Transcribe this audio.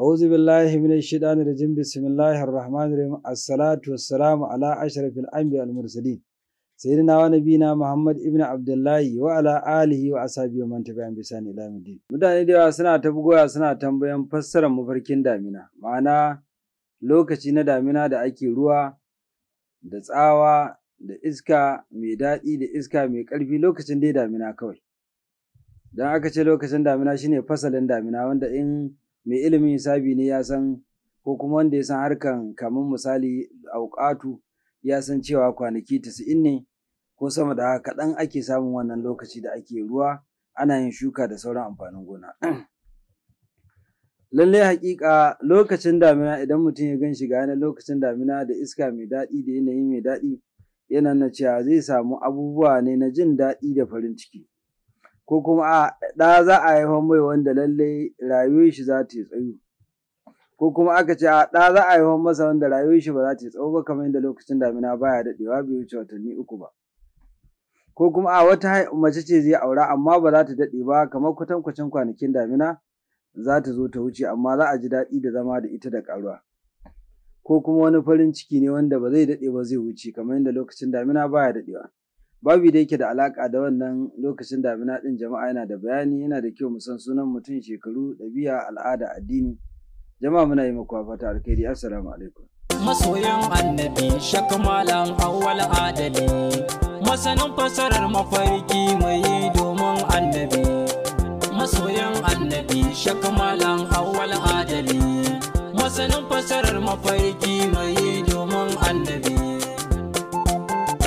أعوذ بالله من الشيطان الرجيم بسم الله الرحمن الرحيم الصلاة والسلام على أشرف الأنبياء المرسلين سيدنا ونبينا محمد ابن عبد الله وعلى آله وأصحابه ومن تبعهم بإحسان إلى يوم الدين mutane da yawa suna ta bugowa suna tambayan fassarar mafarkin damina ma'ana lokaci na damina da ake ruwa da tsawa da iska mai daɗi da iska mai ƙarfi lokacin dai damina kawai don aka ce lokacin damina shine fasalin damina wanda in mai ilimin hisabi ne ya san ko kuma wanda ya san harkan kamun misali auƙatu ya san cewa kwanaki tasa'in ne ko sama da haka kaɗan ake samun wannan lokaci da ake ruwa ana yin shuka da sauran amfanin gona. Lallai haƙiƙa lokacin damina idan mutum ya gan shi ga yanayin lokacin damina da iska mai daɗi da yanayi mai daɗi yana na cewa zai samu abubuwa ne na jin daɗi da farin ciki. ko kuma a ɗa za a haifan mai wanda lalle rayuwar shi za ta yi tsayu. ko kuma aka ce a ɗa za a haifan masa wanda rayuwar shi ba za ta yi tsawo ba kamar yadda lokacin damina baya daɗewa bai wuce watanni uku ba ko kuma a wata mace ce zai aura amma ba za ta daɗe ba kamar kwatankwacin kwanakin damina za ta zo ta wuce amma za a ji daɗi da zama da ita da ƙaruwa ko kuma wani farin ciki ne wanda ba zai daɗe ba zai wuce kamar yadda lokacin damina baya daɗewa. babu da yake da alaƙa da wannan lokacin damina ɗin jama'a yana da bayani yana da kyau musan sunan mutum shekaru ɗabi'a al'ada addini jama'a muna yi makuwa fata alkhairi assalamu alaikum masoyan annabi shakamalan awwal adali masanin fasarar mafarki mai domin annabi masoyan annabi shakamalan awwal adali masanin fasarar mafarki mai